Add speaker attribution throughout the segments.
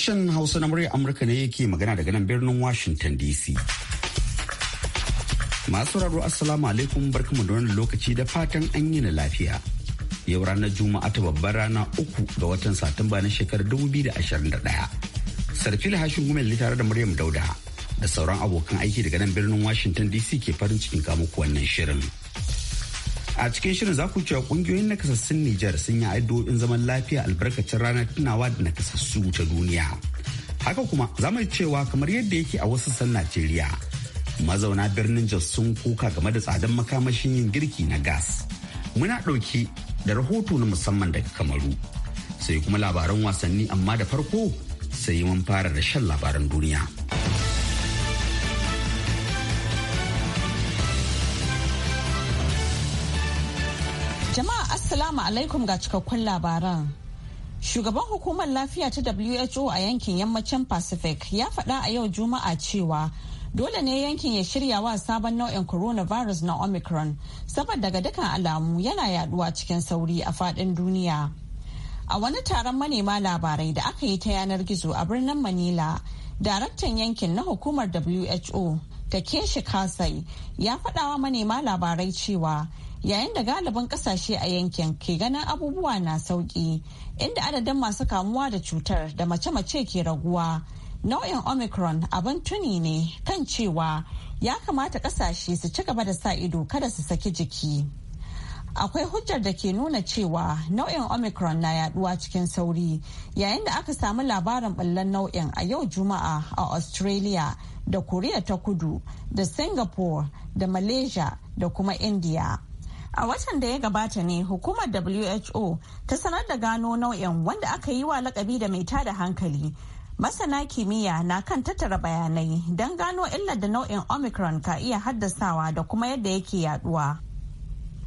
Speaker 1: Sashen Hausa na muryar Amurka ne yake magana daga nan birnin Washington DC. Masu raro Assalamu alaikum barkamu da wani lokaci da fatan an yi na lafiya. Yau ranar Juma'a ta babbar rana uku ga watan Satumba na shekarar 2021. Sarfil Hashin Gumel ne tare da Maryam Dauda da sauran abokan aiki daga nan birnin Washington DC ke farin cikin kamuku wannan shirin. a cikin shirin za ku cewa kungiyoyin nakasassun Nijar sun yi addu'o'in zaman lafiya albarkacin ranar tunawa da nakasassu ta duniya. Haka kuma za mu cewa kamar yadda yake a wasu sassan Najeriya mazauna birnin Jos sun kuka game da tsadan makamashin yin girki na gas. Muna ɗauki da rahoto na musamman daga Kamaru. Sai kuma labaran wasanni amma da farko sai mun fara da shan labaran duniya.
Speaker 2: Jama'a Assalamu alaikum ga cikakkun labaran. Shugaban hukumar lafiya ta WHO a yankin yammacin Pacific ya faɗa a yau Juma'a cewa dole ne yankin ya shirya wa sabon nau'in coronavirus na Omicron saboda daga dukkan alamu yana yaduwa cikin sauri a faɗin duniya. A wani taron manema labarai da aka yi ta yanar gizo a birnin Manila, daraktan yankin na hukumar WHO Takeshi Kasai ya faɗawa manema labarai cewa yayin da galibin kasashe a yankin ke ganin abubuwa na sauki inda adadin masu kamuwa da cutar da mace-mace ke raguwa nau'in omicron abin tuni ne kan cewa ya kamata kasashe su ci gaba da sa ido kada su saki jiki akwai hujjar da ke nuna cewa nau'in omicron na yaduwa cikin sauri yayin da aka samu labarin ɓullan nau'in a yau juma'a a australia da koriya ta kudu da singapore da malaysia da kuma india A watan da ya gabata ne hukumar WHO ta sanar da gano nau'in wanda aka yi wa lakabi da mai tada hankali. Masana kimiyya na kan tattara bayanai don gano illar da nau'in Omicron ka iya haddasawa da kuma yadda yake yaduwa.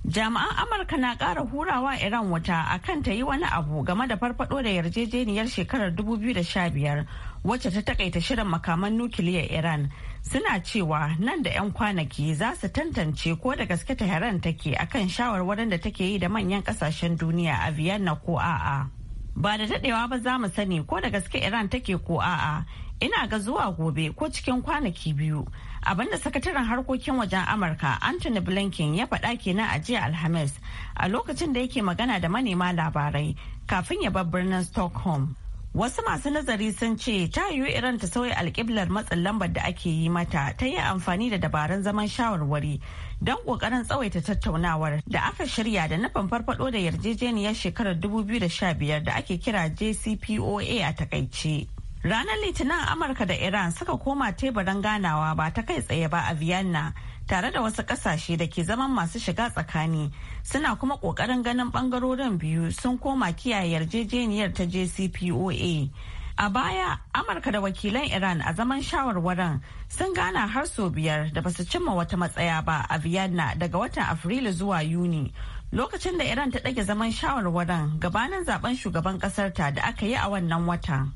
Speaker 2: jami'an amurka na kara hurawa iran wuta akan ta yi wani abu game da farfado da yarjejeniyar shekarar 2015 wacce ta takaita shirin makaman nukiliyar iran suna cewa nan da 'yan kwanaki za su tantance ko da gaske tehran take akan shawarwarin da take yi da manyan kasashen duniya a vienna ko a'a ba da dadewa ba za mu sani ko da gaske iran take ko a'a ina ga zuwa gobe ko cikin kwanaki biyu abinda sakataren harkokin wajen amurka anthony blinken ya faɗa kenan a jiya alhamis a lokacin da yake magana da manema labarai kafin ya bar birnin stockholm wasu masu nazari sun ce ta yiwu iran ta sauya alkiblar matsin lambar da ake yi mata ta yi amfani da dabarun zaman shawarwari don kokarin tsawaita tattaunawar da aka shirya da nufin farfado da yarjejeniyar shekarar 2015 da ake kira jcpoa a takaice Ranar Litinin Amurka da Iran suka koma teburin ganawa ba ta kai tsaye ba a Vienna tare da wasu kasashe da ke zaman masu shiga tsakani suna kuma kokarin ganin bangarorin biyu sun koma kiyaye yarjejeniyar ta jcpoa a baya amurka da wakilan iran a zaman shawarwarin sun gana har sau biyar da ba su cimma wata matsaya ba a vienna daga watan afrilu zuwa yuni lokacin da iran ta ɗage zaman shawarwaran gabanin zaben shugaban ƙasarta da aka yi a wannan wata.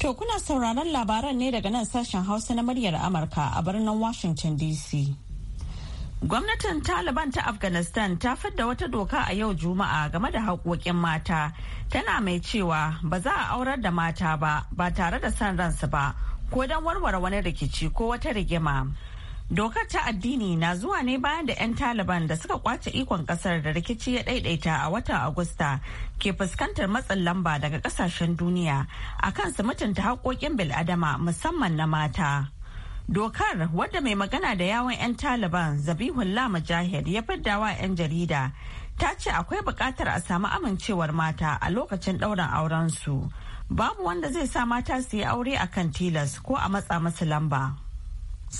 Speaker 2: To kuna sauraron labaran ne daga nan sashen Hausa na muryar Amurka a birnin Washington DC. Gwamnatin Taliban ta Afghanistan ta fadda wata doka a yau Juma'a game da haƙoƙin mata. Tana mai cewa ba za a aurar da mata ba ba tare da son ransu ba ko don warware wani rikici ko wata rigima. Dokar ta addini na zuwa ne bayan da 'yan Taliban da suka kwace ikon kasar da rikici ya daidaita a watan Agusta ke fuskantar matsin lamba daga kasashen duniya a kan su mutunta haƙoƙin bil'adama musamman na mata. Dokar wadda mai magana da yawon 'yan Taliban Zabihullah Mujahid ya fiddawa 'yan jarida ta ce akwai buƙatar a samu amincewar mata a lokacin ɗaurin su Babu wanda zai sa mata su yi aure a kan tilas ko a matsa masu lamba.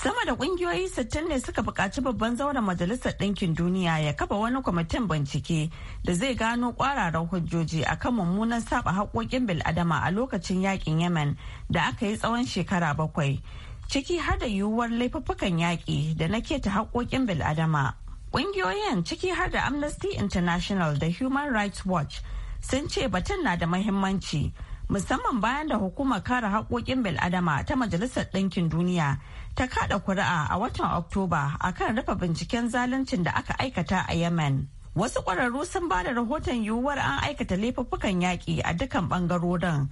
Speaker 2: Sama da kungiyoyi 60 ne suka buƙaci babban zauren Majalisar Ɗinkin Duniya ya kafa wani kwamitin bincike da zai gano kwararren hujjoji akan mummunan saba haƙoƙin bil'adama a lokacin yaƙin Yemen da aka yi tsawon shekara bakwai, ciki har da yiwuwar laifuffukan yaƙi da na keta haƙoƙin bil'adama. Ƙungiyoyin ciki har da Amnesty International da Human Rights Watch sun ce batun na da mahimmanci. musamman bayan da hukumar kare haƙoƙin bil'adama ta majalisar ɗinkin duniya ta kada kuri'a a watan oktoba a kan rufe binciken zaluncin da aka aikata a yemen wasu ƙwararru sun ba da rahoton yiwuwar an aikata laifuffukan yaƙi a dukkan ɓangarorin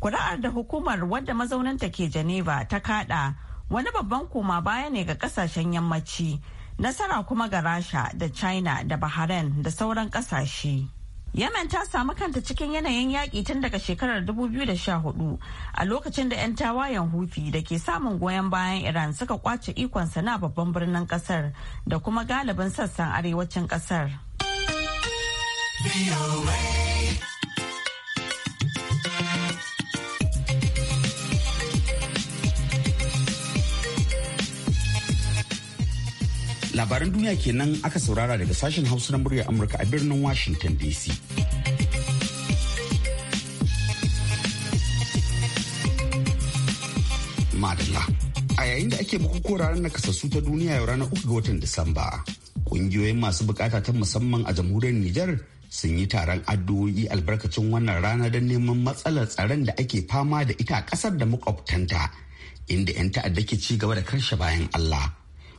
Speaker 2: kuri'ar da hukumar wadda mazauninta ke geneva ta kada wani babban koma baya ne ga kasashen yammaci nasara kuma ga rasha da china da bahrain da sauran kasashe. Yemen ta samu kanta cikin yanayin yaƙi tun daga shekarar 2014 a lokacin da 'yan tawayen hufi da ke samun goyon bayan Iran suka kwace ikon sana babban birnin kasar da kuma galibin sassan arewacin kasar.
Speaker 1: labaran duniya kenan aka saurara daga sashen hausa na muryar amurka a birnin washington dc madalla a yayin da ake bukuku ranar nakasassu ta duniya yau ranar uku ga watan disamba kungiyoyin masu bukata ta musamman a jamhuriyar nijar sun yi taron addu'o'i albarkacin wannan rana don neman matsalar tsaron da ake fama da ita a kasar da makwabtanta inda 'yan ta'adda ke ci gaba da karshe bayan allah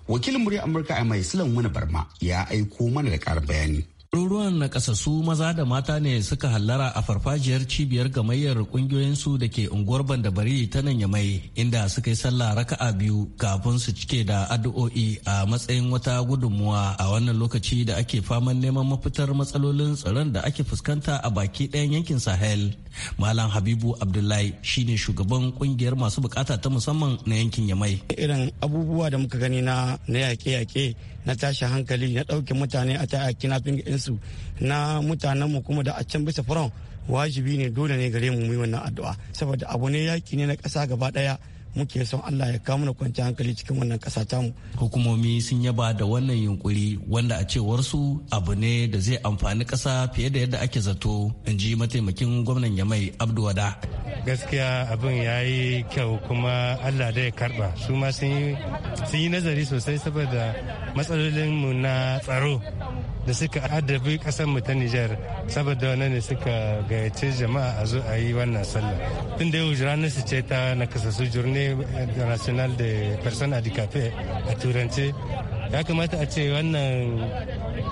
Speaker 1: wakilin murya amurka a mai silan wani barma ya aiko mana da karin bayani
Speaker 3: Ruruwan na kasassu maza da mata ne suka hallara a farfajiyar cibiyar gamayyar ƙungiyoyin su da ke unguwar Bandabari ta nan Yamai inda suka yi sallah raka'a biyu kafin su cike da addu'o'i a matsayin wata gudunmuwa a wannan lokaci da ake faman neman mafitar matsalolin tsaron da ake fuskanta a baki ɗayan yankin Sahel. Malam Habibu Abdullahi shine shugaban ƙungiyar masu bukata ta musamman na yankin Yamai.
Speaker 4: Irin abubuwa da muka gani na yaƙe-yaƙe na tashin hankali na ɗauke mutane a ta kinafin ɗinsu na mutanenmu kuma da a can bisa furon wajibi ne dole ne gare mu yi wannan addu'a saboda abu ne yaki ne na ƙasa gaba ɗaya muke son Allah ya kawo mana kwanciyar
Speaker 3: hankali cikin wannan kasa mu. Hukumomi sun yaba da wannan yunkuri wanda a cewar su abu ne da zai amfani kasa fiye da yadda ake zato in ji mataimakin gwamnan Yamai
Speaker 5: Abduwada. Gaskiya abin ya yi kyau kuma Allah da ya karba su ma sun yi nazari sosai saboda matsalolin mu na tsaro da suka adabi kasar mu ta Nijar saboda wannan ne suka gayyace jama'a a zo a yi wannan sallah. Tun da yau ranar su ce ta na nakasassu jurne international da de personnes a turance ya kamata a ce wannan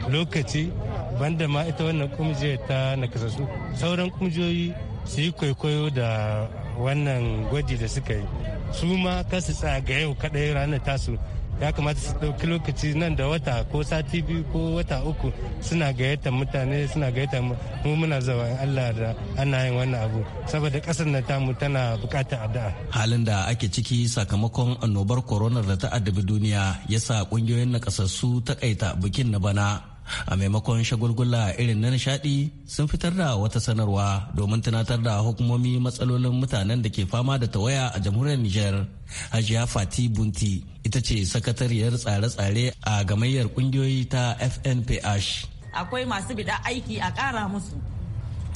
Speaker 5: lokaci banda ma ita wannan kumje ta kasasu sauran kungiyoyi su yi kwaikwayo da wannan gwaji da suka yi su ma kasu tsaya ga yau kadai ranar tasu ya kamata su ɗauki lokaci nan da wata ko sati biyu ko wata uku suna gayyata mutane suna gayyata mu muna zawa in Allah da ana yin wannan abu saboda ƙasar na tamu tana buƙatar addu'a
Speaker 3: halin da ake ciki sakamakon annobar corona da ta addabi duniya yasa ƙungiyoyin nakasassu kaita bikin na bana a maimakon shagulgula irin na nishadi sun fitar da wata sanarwa domin tunatar da hukumomi matsalolin mutanen da ke fama da tawaya a jamhuriyar Nijar. Hajiya Fati Bunti ita ce sakatariyar tsare-tsare a gamayyar kungiyoyi ta FNPH.
Speaker 2: Akwai masu bida aiki a ƙara musu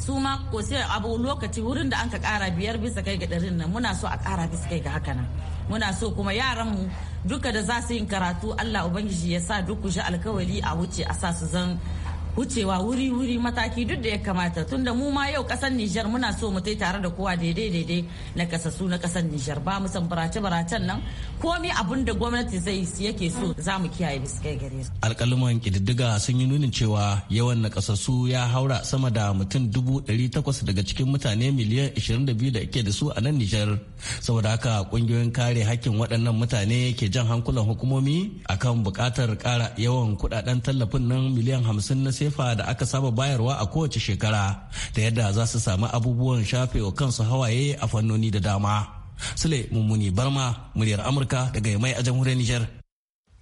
Speaker 2: su ma ko sai abu lokaci wurin da an ka kara biyar bisa kai ga ɗarin nan muna so a kara bisa kai ga haka nan muna so kuma yaran mu duka da za su yin karatu Allah ubangiji ya sa duk ku shi alkawari a wuce a sa su zan wucewa wuri-wuri mataki duk da ya kamata tunda mu ma yau kasar Nijar muna so mu tare da kowa daidai-daidai na kasasu na kasar Nijar ba mu san barace-baracen nan komi abin da gwamnati zai yake so za mu kiyaye biskai gare su.
Speaker 3: Alƙaluman kididdiga sun yi nunin cewa yawan nakasassu ya haura sama da mutum dubu ɗari takwas daga cikin mutane miliyan 22 da ke da su a nan Nijar saboda haka kungiyoyin kare hakkin waɗannan mutane ke jan hankulan hukumomi akan buƙatar ƙara yawan kuɗaɗen tallafin nan miliyan hamsin na sefa da aka saba bayarwa a kowace shekara da yadda za su samu abubuwan shafe wa kansu hawaye a fannoni da dama sule mummuni barma muryar amurka daga mai a jamhuriyar niger.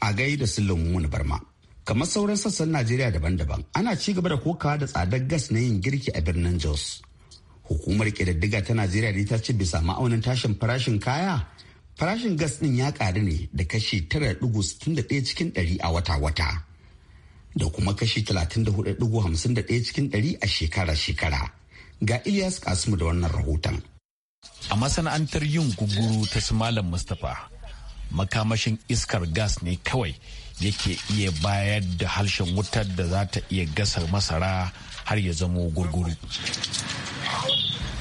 Speaker 3: a gaida sule mummuni barma kamar sauran sassan najeriya
Speaker 1: daban-daban ana ci gaba da kokawa da tsadar gas na yin girki a birnin jos hukumar ƙididdiga ta najeriya ne ta ce bisa ma'aunin tashin farashin kaya farashin gas ɗin ya ƙaru ne da kashi 9.61 cikin 100 a wata-wata da kuma kashi 34.51 cikin 100 a shekara-shekara ga ilyas kasimu da wannan rahoton a masana'antar yin guguru ta su malam mustapha
Speaker 6: makamashin iskar gas ne kawai yake iya bayar da harshen wutar da za ta iya gasar masara har ya zamo gurguru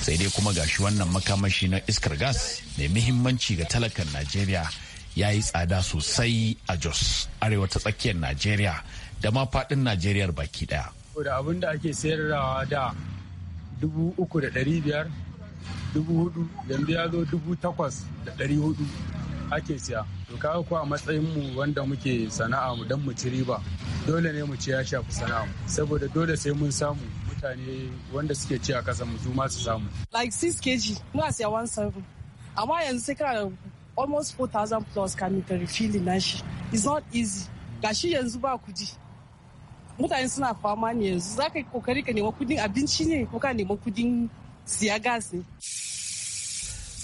Speaker 6: sai dai kuma gashi wannan makamashi na iskar gas mai muhimmanci ga talakan najeriya ya yi tsada sosai a jos arewa ta tsakiyar najeriya da ma faɗin najeriyar baki ɗaya.
Speaker 7: da abin da ake sayarwa da dubu uku da dari biyar dubu hudu yanzu ya zo dubu takwas da dari hudu ake siya to kaga ko a matsayin mu wanda muke sana'a mu dan mu ci riba dole ne mu ci ya shafi sana'a saboda dole sai mun samu mutane wanda suke ci a kasan mu su ma su samu
Speaker 8: like 6 kg muna siya 17 amma yanzu sai kana almost 4000 plus kamin ka refilling shi. it's not easy gashi yanzu ba kudi mutane suna fama ne yanzu za ka yi kokari ka nema kudin abinci ne ko ka nema kudin siya gas
Speaker 9: ne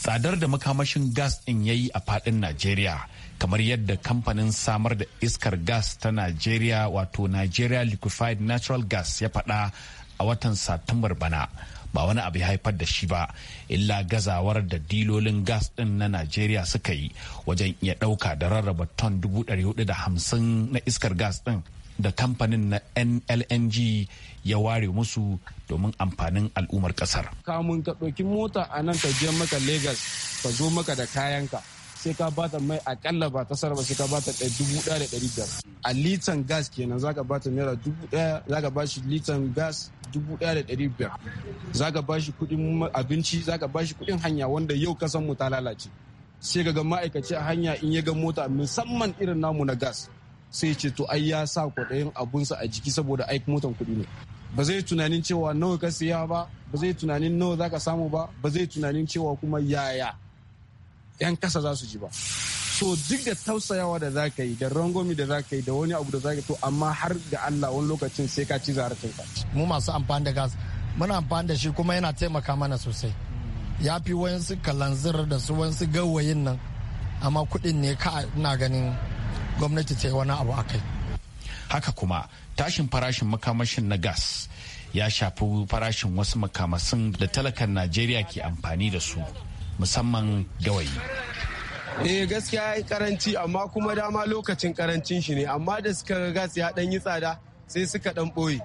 Speaker 6: tsadar da makamashin gas ɗin ya yi a faɗin najeriya kamar yadda kamfanin samar da iskar gas ta najeriya wato nigeria liquefied natural gas ya faɗa a watan satumbar bana ba wani abu ya haifar da shi ba illa gazawar da dilolin gas din na najeriya suka yi wajen iya ɗauka da rarraba ton 450 na iskar gas din da kamfanin na nlng ya ware musu domin amfanin al'ummar kasar
Speaker 10: kamun ka ɗauki mota a nan ka je maka Legas ka zo maka da kayanka sai ka bata mai akalla ba ta sarrafa sai ka bata ɗaya dubu ɗaya da ɗari biyar a litan gas kenan za ka bata naira dubu ɗaya za ka bashi litan gas dubu ɗaya da ɗari biyar za ka bashi kuɗin abinci za ka bashi kuɗin hanya wanda yau kasan mu ta lalace sai ka ga ma'aikaci a hanya in ya ga mota musamman irin namu na gas sai ce to ai ya sa kwaɗayin abunsa a jiki saboda aiki motan kuɗi ne ba zai tunanin cewa nawa ka siya ba ba zai tunanin nawa za ka samu ba ba zai tunanin cewa kuma yaya yan kasa za su ji ba so duk da tausayawa da za ka yi da rangomi da za ka yi da wani abu da za ka to amma har ga Allah wani lokacin sai ka ci zarar ka
Speaker 4: mu masu amfani da gas muna amfani da shi kuma yana taimaka mana sosai ya fi wayansu kalanzir da su wayansu gawayin nan amma kuɗin ne ka ina ganin gwamnati ta yi wani abu a kai
Speaker 6: haka kuma tashin farashin makamashin na gas ya shafi farashin wasu makamasin da talakan najeriya ke amfani da su musamman gawayi
Speaker 7: eh gaskiya ya karanci amma kuma dama lokacin karancin shi ne amma da suka gas ya dan yi tsada sai suka dan
Speaker 10: boye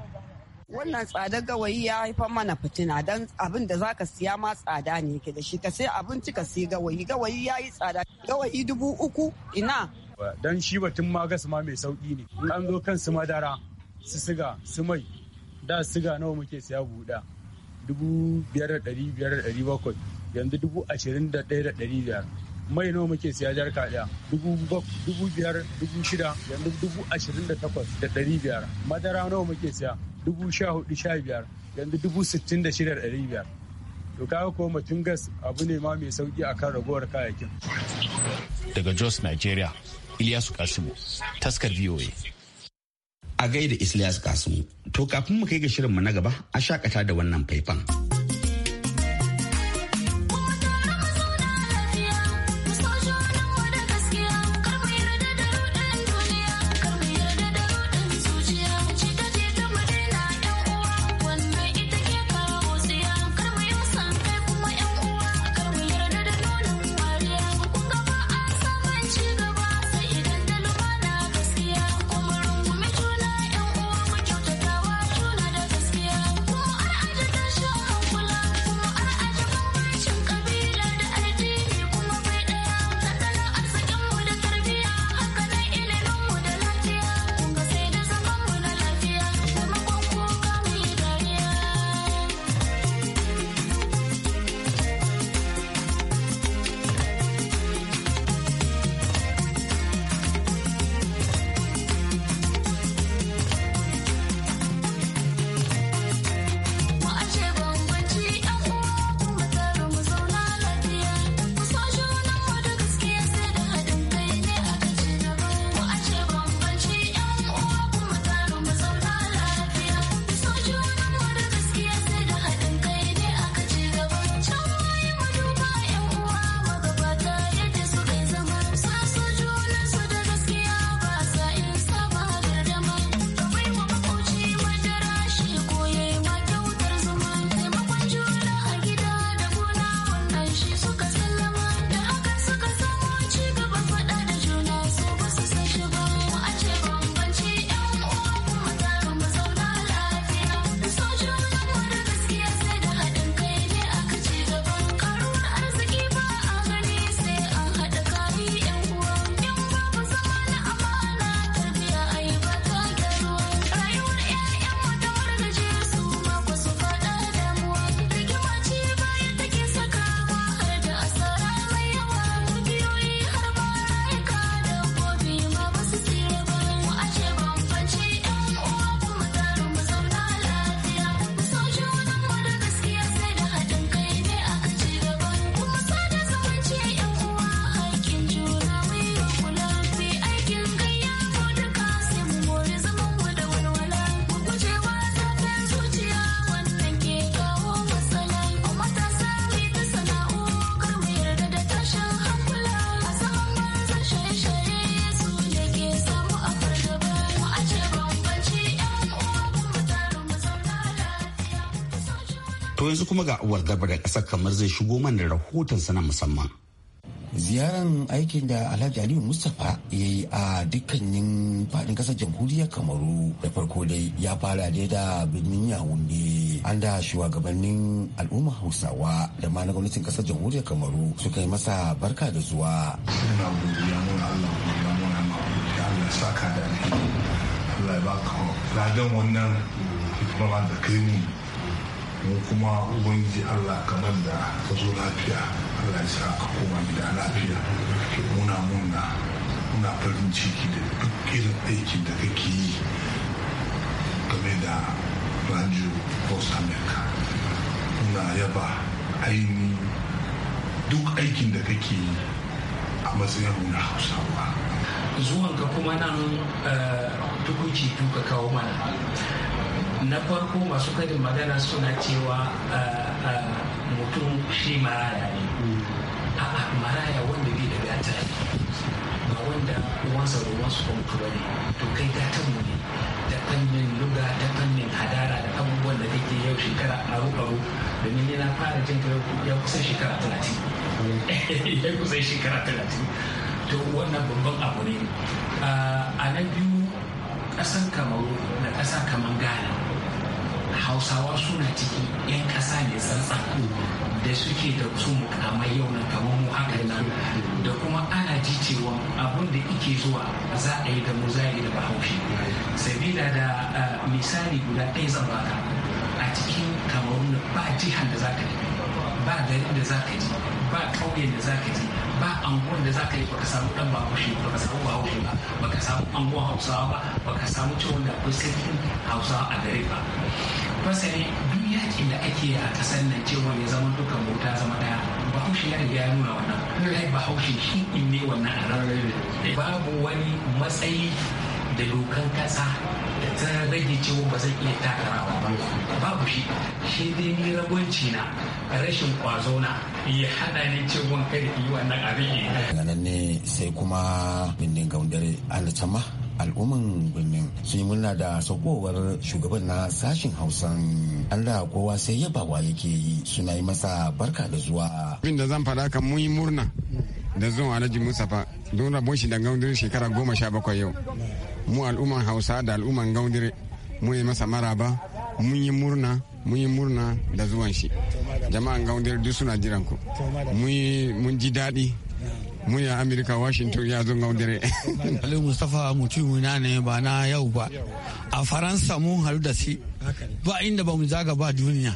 Speaker 2: wannan tsadar gawayi ya haifa mana fitina don abin da zaka siya ma tsada ne ke da shi ka sai abinci ka sai gawayi gawayi ya yi tsada gawayi dubu uku ina
Speaker 7: don shi batun ma gas ma mai sauki ne an zo kan su madara su siga su mai da siga nawa muke siya buɗa dubu biyar da ɗari biyar da ɗari bakwai yanzu dubu ashirin da ɗaya da ɗari biyar mai nawa muke siya jarka kaɗa dubu biyar dubu shida yanzu dubu ashirin da takwas da ɗari biyar madara nawa muke siya dubu sha hudu sha biyar yanzu dubu sittin da shida da ɗari biyar to kawo ko mutum gas abu ne ma mai sauki akan ragowar kayayyakin
Speaker 6: daga jos nigeria
Speaker 1: Ilyasu Kasimu, taskar VOA. A gaida Ilyasu Kasimu, to kafin mu kai ga shirinmu na gaba, a shakata da wannan faifan. To yanzu kuma ga uwar daba da ƙasar kamar zai shigo mana rahoton sana musamman.
Speaker 11: ziyaran aikin da alhaji aliyu mustapha ya yi a dukkanin fadin kasar jamhuriyar kamaru da farko dai ya fara da da birnin yahunde an da shugabannin al'umma hausawa da ma na gwamnatin kasar jamhuriyar kamaru suka yi masa barka da zuwa Allah ya ba baka ladan wannan
Speaker 10: hikimar da kai mu kuma ubangiji allah kamar da ka zo lafiya allah ya sa ka koma gida lafiya muna muna muna farin ciki da duk irin aikin da kake yi game da radio post america muna yaba aini
Speaker 8: duk aikin da kake yi a matsayin na hausawa ka kuma nan tukuci eh, tuka kawo mana na farko masu karin magana suna cewa ah, ah, mutum shi maraya ne a'a maraya wanda bai da gata ba wanda uwansa da uwansu ko ne to kai gata mu ne ta fannin luga ta fannin hadara da abubuwan da kake yau shekara aro aro domin ni na fara jin ka ya kusan shekara talatin ya kusan shekara talatin to wannan babban abu ne ah, a na biyu ƙasan kamaru da ƙasa kamar ghana hausawa suna ciki 'yan ƙasa ne tsantsan da suke da su mukamai yau na kamar mu haka nan da kuma ana ji cewa abin da ike zuwa za a yi da mu za da bahaushe sabila da misali guda ɗaya zan baka a cikin kamarun ba jihar da za ka ji ba garin da za ka ji ba ƙauyen da za ka ji ba anguwan da za ka yi baka samu dan bahaushe baka samu bahaushe ba baka samu anguwan hausawa ba baka samu cewa da akwai sarkin hausawa a gare ba fasali duk yakin da ake a kasar nan cewa ya zama dukan mota zama daya bahaushe ya riga ya nuna wannan ai bahaushe shi in ne wannan a babu wani matsayi da dokan ƙasa. sai rage cewa ba zai iya takarawa ba babu shi shi dai ni ragwanci na rashin kwazo na ya hada ni cewa kada yi wannan abin
Speaker 11: nan ne sai kuma bindin gaundare alitama al'umman birnin sun yi murna da saukowar shugaban na sashen hausan da kowa sai yabawa yake yi suna yi masa barka da zuwa abin da zan faɗa kan mun murna da zuwa alhaji fa don rabon shi da shekara goma sha bakwai yau mu al'umman hausa da al'umman gaudire mu yi masa maraba mun yi murna mun yi murna da zuwan shi jama'an gaudire duk suna jiran ku mun ji daɗi mun yi amerika washington ya zo gaudire ali mustapha mutum na ne ba na yau ba a faransa mun halu da
Speaker 3: si ba inda ba mu zaga ba duniya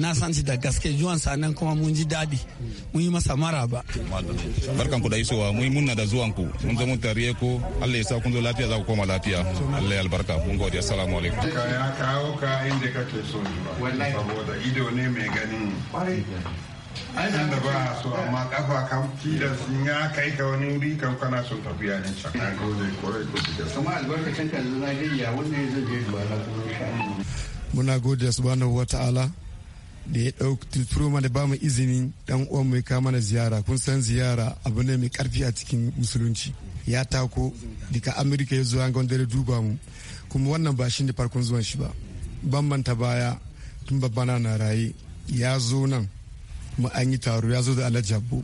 Speaker 3: na san shi da gaske zuwan sanan kuma mun ji dadi mun yi masa mara ba.
Speaker 10: barkan ku da isowa mun munna da zuwan ku mun zo mun tare ku Allah ya sa kun zo lafiya za ku koma lafiya Allah ya albarka mun gode assalamu alaikum.
Speaker 5: ka ya kawo ka inda kake so wallahi saboda ido ne mai ganin ainihin da ba so amma kafa kan tilas in ya kai ka wani wuri kan kana so tafiya ne can na gode kwarai da su kuma albarkacin ka zana gayya wanda ya zai je ba na kuma sha
Speaker 4: muna gode subhanahu wata'ala da ya ɗauki da ba mu izini dan uwan mai kawo mana ziyara kun san ziyara abu ne mai karfi a cikin musulunci ya tako daga amurka ya zuwa ga dare duba mu kuma wannan ba shi ne farkon zuwan shi ba bambanta baya tun babbana na raye ya zo nan mu an yi taro ya zo da alhaji abu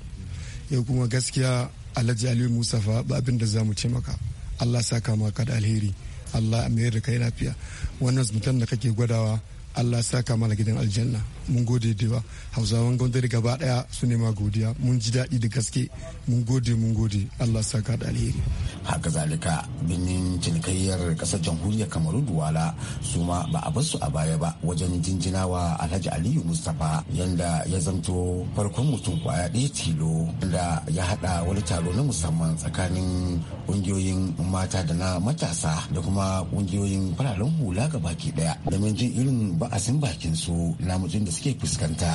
Speaker 4: ya kuma gaskiya alhaji aliyu musafa ba abin da za mu ce maka allah ka maka da alheri allah mayar da kai lafiya wannan mutum da kake gwadawa allah sa ka mana gidan aljanna mun gode da hausawan gwamnati gaba daya su nema godiya mun ji daɗi da gaske mun gode mun gode allah ka da alheri
Speaker 11: haka zalika birnin cinikayyar kasar jamhuriyar kamaru duwala su ma ba a basu a baya ba wajen jinjinawa alhaji aliyu mustapha yanda ya zanto farkon mutum kwaya ɗaya tilo da ya haɗa wani taro na musamman tsakanin ƙungiyoyin mata da na matasa da kuma ƙungiyoyin fararen hula ga baki ɗaya min jin irin ba'asin bakin su na mutum da suke fuskanta.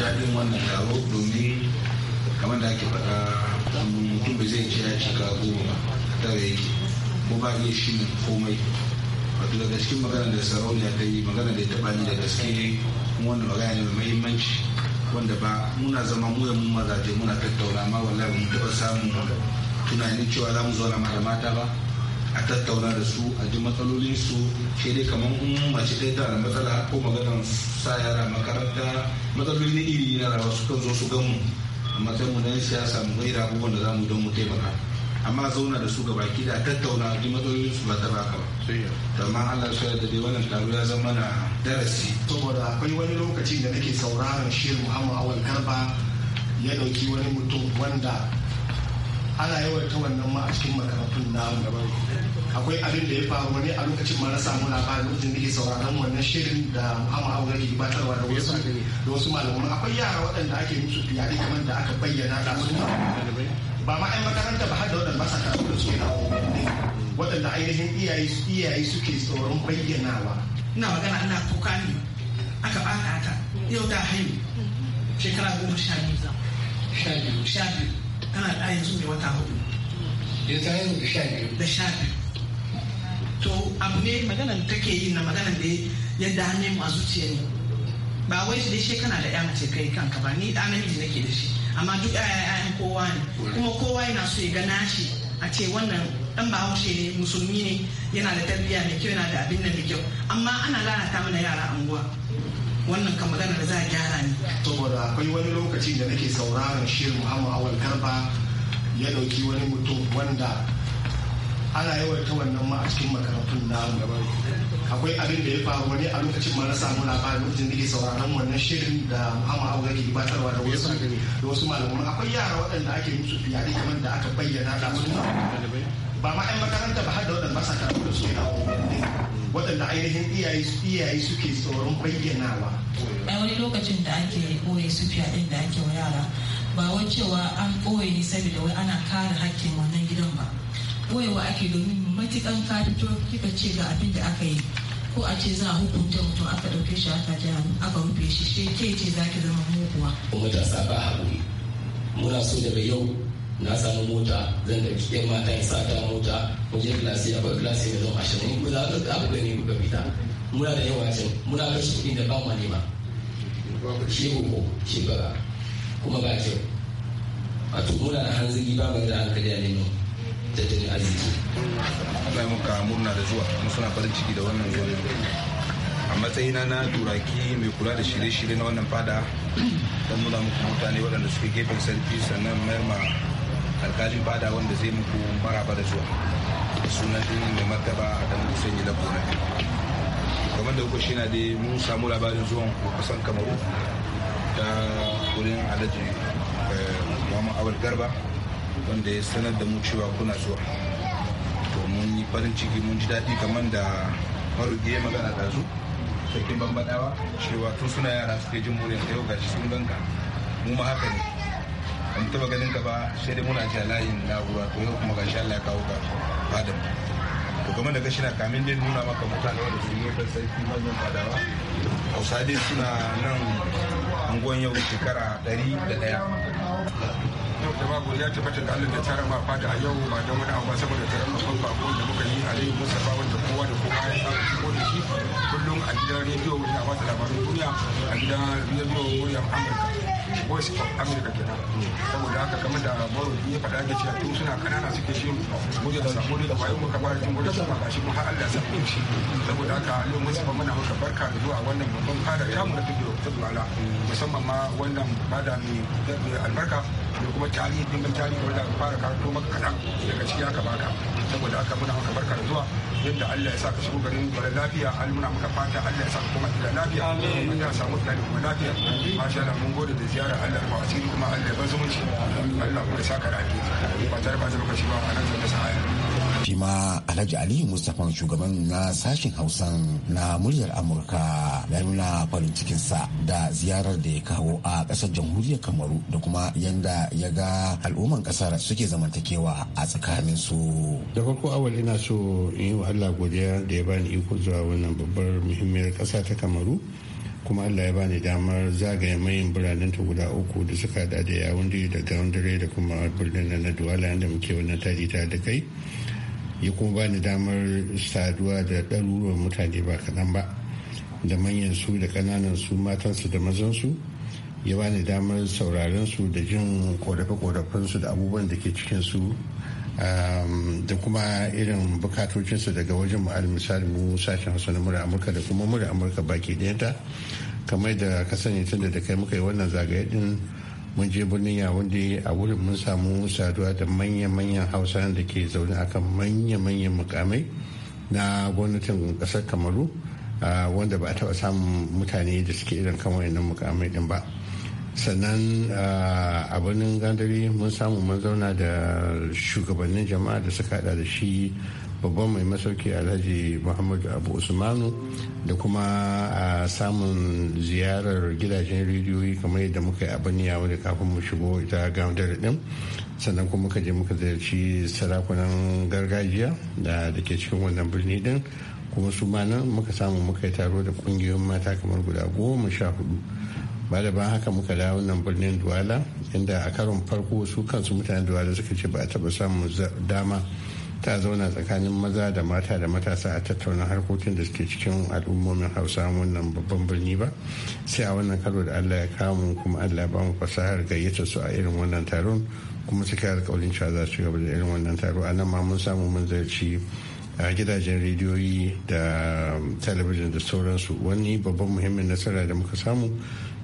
Speaker 11: Shaɗin wannan
Speaker 10: taro ake wato daga cikin magana da sarauniya ta yi magana da ya da gaske magana ne mai mahimmanci wanda ba muna zama mu da mun mazaje muna tattauna amma wallahi mun taba samun tunanin cewa za mu zo da mata ba a tattauna da su a ji matsalolin su sai dai kamar in mace ta tana matsala ko maganar sa yara makaranta matsaloli na iri na rawa su kan zo su gamu. mu a matsayin mu na siyasa mu abubuwan da za mu don mu taimaka amma zauna da su gabaki da tattauna a ji matsalolin su ba ta baka ba to amma Allah ya da dai wannan taro
Speaker 4: ya zama na darasi saboda akwai wani lokaci da nake sauraron Shehu Muhammad Awal Garba ya dauki wani mutum wanda ana yawan ta wannan ma a cikin makarantun na gaba akwai abin da ya faru wani a lokacin ma na samu labarin lokacin da ke sauraron wannan shirin da muhammadu Aure ke gabatarwa da wasu da wasu malaman akwai yara waɗanda ake musu fiyari kamar da aka bayyana da su ba ma ai makaranta ba har da waɗanda ba sa karatu da su yana waɗanda ainihin iyaye iyaye suke tsoron bayyanawa
Speaker 8: ina magana ana kuka ne aka ba ta yau ta haihu shekara goma sha biyu sha biyu tana da yanzu mai wata hudu da ta da sha biyu da sha biyu to abu ne maganan take yi na maganan da yadda hannun a zuciya ne ba wai shi dai shi kana da ya mace kai kanka ba ni da namiji nake da shi amma duk ƴaƴan kowa ne kuma kowa yana so ya ga nashi a ce wannan dan bahaushe ne musulmi ne yana da tarbiyya mai kyau yana da abin nan da kyau amma ana lalata mana yara anguwa wannan kan magana da za a gyara ne
Speaker 4: saboda akwai wani lokaci da nake sauraron shirin muhammadu awal garba ya dauki wani mutum wanda ana yawaita wannan ma a cikin makarantun na akwai abin da ya faru wani a lokacin ma na samu labarin lokacin da ke sauraron wannan shirin da muhammadu awal ke gabatarwa da wasu da wasu malamai akwai yara waɗanda ake musu fiyari kamar da aka bayyana da su ba ma 'yan makaranta ba har da waɗanda ba sa karatu da su yana waɗanda ainihin iyaye iyaye suke tsoron bayyanawa
Speaker 2: a wani lokacin da ake ɓoye su fyaɗen da ake wa yara ba wai cewa an ɓoye ne saboda wai ana kare hakkin wannan gidan ba ɓoyewa ake domin matikan ka kika ce ga abin da aka yi ko a ce za a hukunta mutum aka ɗauke shi aka ja aka rufe shi ke ce za ki zama muguwa.
Speaker 11: matasa ba haƙuri muna so daga yau na samu mota zan da ɗan mata in sata mota mu je kilasi akwai kilasi mai zama ashirin ku za ka abu gani ka fita muna da yawa can muna kashe kuɗi da ba mu ma shi ko shi ba kuma ba a to muna da hanzari ba mu da hankali a neman
Speaker 10: tattalin arziki. Allah mu ka murna da zuwa mu suna farin ciki da wannan zuwa a matsayina na turaki mai kula da shirye-shirye na wannan fada don nuna muku mutane waɗanda suke gefen sarki sannan mayar ma Alkalin bada wanda zai muku maraba da zuwa sunan din mai martaba dan hussein yi lagora kamar da kuka shi na dai mun samu labarin zuwan kusan kamaru ta wurin alhaji eh, muhammad awal garba wanda ya sanar da mu cewa kuna zuwa to mun yi farin ciki mun ji daɗi kamar da maruge magana da su sarkin bambadawa cewa tun suna yara suke jin muryar yau gashi sun ganka mu ma haka ne an taba ganin ka ba sai dai muna ja layin na'ura to yau kuma gashi Allah ya kawo ka fadin to game daga shi na kamin dai nuna maka mutane wanda su yi sarki manyan fadawa hausa dai suna nan anguwan yau shekara ɗari da ɗaya yau da babu ya tabbatar da Allah da tsara ma fada a yau ba don wani abu saboda da babban bako da muka yi a Aliyu Mustapha wanda kowa da kowa ya samu shigo da shi kullum a gidan rediyo wanda a wata labarin duniya a gidan rediyo Muryar Amurka voice of america kenan saboda haka game da baro ya faɗa da cewa tun suna kanana suke jin muryar sako da wayo muka fara jin muryar sako ba shi har Allah ya san shi saboda haka yau mun saba mana muka barka da zuwa wannan babban fara ta mu da tudu tudu musamman ma wannan bada mai albarka da kuma tarihi dimbin tarihi wanda aka fara karanto maka kaɗan daga ciki aka baka saboda aka muna maka barka da zuwa yadda Allah ya sa ka shigo garin da lafiya Allah muna maka fata Allah ya sa kuma da lafiya amin ya samu da kuma lafiya masha Allah mun gode da ziyara Allah ba asiri kuma Allah ya bazu zumunci Allah kuma ya saka ake ba tare ba zama ka shi ba a nan zan da
Speaker 11: sa'a shi ma alhaji aliyu mustapha shugaban na sashen hausan na muryar amurka ya nuna farin cikinsa da ziyarar da ya kawo a ƙasar jamhuriyar kamaru da kuma yanda ya ga al'umman ƙasar suke zamantakewa a tsakanin su
Speaker 5: da farko awal ina so in yi wa allah godiya da ya bani iko zuwa wannan babbar muhimmiyar ƙasa ta kamaru kuma allah ya bani damar zagaye mayin biranen ta guda uku da suka hada da yawon da gaundare da kuma birnin na duwala yadda muke wannan tari ta da kai ya kuma bani damar saduwa da ɗaruruwan mutane ba kaɗan ba da manyan su da ƙananan su matansu da mazan su ya bani damar sauraren su da jin ƙorafe-ƙorafen su da abubuwan da ke cikin su da kuma irin bukatocinsu daga wajen mu misali mu sashen hausa na mura amurka da kuma mura amurka baki ɗayanta kamar da ka sani tunda da kai muka yi wannan zagaye din mun je birnin yawunde a wurin mun samu saduwa da manya-manyan hausa da ke zaune akan manya-manyan mukamai na gwamnatin kasar kamaru ah, wanda ba a taba samun mutane da suke irin kan wayannan mukamai din ba sannan ah, a birnin gandari mun samu mun zauna da shugabannin jama'a da suka hada da shi babban mai masauki alhaji muhammadu abu usmanu da kuma a ah, samun ziyarar gidajen rediyoyi kamar yadda muka yi abin yawo da kafin mu shigo ita gandar din sannan kuma muka je muka ziyarci sarakunan gargajiya da ke cikin wannan birni din kuma su ma nan muka samu muka yi taro da kungiyoyin mata kamar guda goma sha hudu ba ban haka muka dawo wannan birnin duwala inda a karon farko su kansu mutanen duwala suka ce ba a taba samun dama ta zauna tsakanin maza da mata da matasa a tattauna harkokin da suke cikin al'ummomin hausa wannan babban birni ba sai a wannan karo da allah ya kamu kuma allah ba mu fasahar gayyata su a irin wannan taron kuma suka yi alkawalin cewa za su gaba da irin wannan taro a nan ma mun samu mun zarci a gidajen rediyoyi da um, talabijin da sauransu wani babban muhimmin nasara da muka samu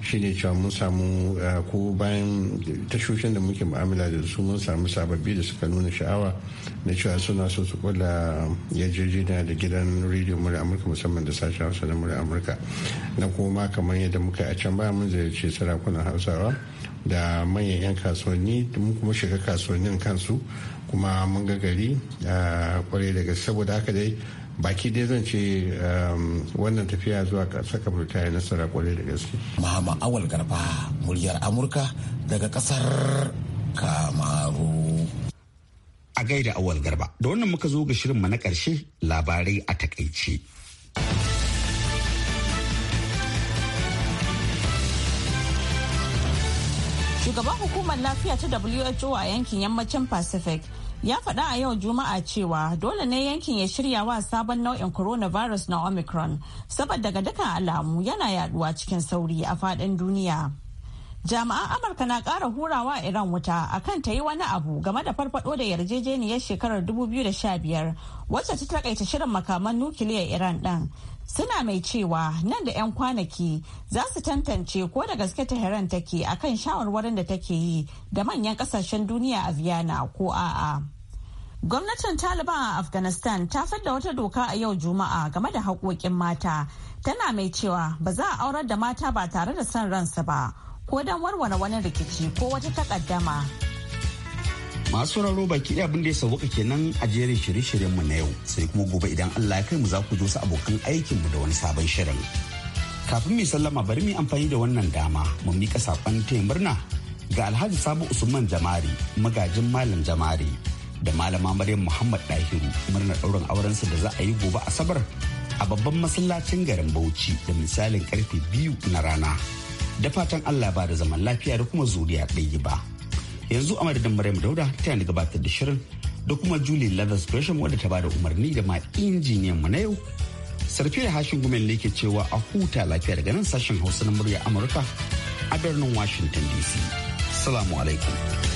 Speaker 5: shine cewa mun samu eh, ko bayan tashoshin da muke mu'amala da su mun samu sababbi da suka nuna sha'awa na cewa suna so su kula yarjejeniya da gidan rediyo mura amurka musamman da sashen hausa na mura amurka na kuma kamar yadda muka a can baya mun ziyarci sarakunan hausawa da manyan 'yan kasuwanni mun kuma shiga kasuwannin kansu kuma mun ga gari kwarai eh, daga saboda haka dai baki dai zan ce um, wannan tafiya zuwa ƙasar kamar ta yi nasara kwarai da gaske. Mahama Awal Garba muryar Amurka
Speaker 11: daga ƙasar Kamaru. A gaida Awal
Speaker 1: Garba da wannan muka zo ga shirinmu na ƙarshe labarai a takaice.
Speaker 2: Shugaban hukumar lafiya ta WHO a yankin yammacin Pacific ya faɗa a yau juma'a cewa dole ne yankin ya shirya wa sabon nau'in coronavirus na omicron saboda daga dukkan alamu yana yaduwa cikin sauri a faɗin duniya Jama'an amurka na ƙara hurawa iran wuta akan ta yi wani abu game da farfado da yarjejeniyar shekarar 2015 wacce ta takaita shirin makaman nukiliyar iran ɗin suna mai cewa nan da 'yan kwanaki za su tantance ko da gaske Tehran take a kan shawarwarin da take yi da manyan kasashen duniya a Vienna ko a'a. Gwamnatin Taliban a Afghanistan ta fadda wata doka a yau Juma'a game da haƙoƙin mata, tana mai cewa ba za a aurar da mata ba tare da son ransa ba, ko don warware wani rikici ko wata takaddama.
Speaker 1: masu sauraro baki ɗaya abin da ya sauka kenan a jerin shirye-shiryen mu na yau sai kuma gobe idan Allah ya kai mu za ku su abokan aikin mu da wani sabon shirin kafin mai sallama bari mu amfani da wannan dama mu mika sakon taya murna ga Alhaji sabu Usman Jamari magajin Malam Jamari da Malama Maryam Muhammad Dahiru murna ɗaurin su da za a yi gobe Asabar a babban masallacin garin Bauchi da misalin karfe biyu na rana da fatan Allah ba da zaman lafiya da kuma zuriya ɗaya ba. yanzu a madadin maryam dauda ta yana gabatar da shirin da kuma julie leathers gresham wadda ta bada umarni da ma injiniyan mu na yau sarfi da hashin gumen ne ke cewa a huta lafiya daga nan sashen hausa na murya amurka a birnin washington dc salamu alaikum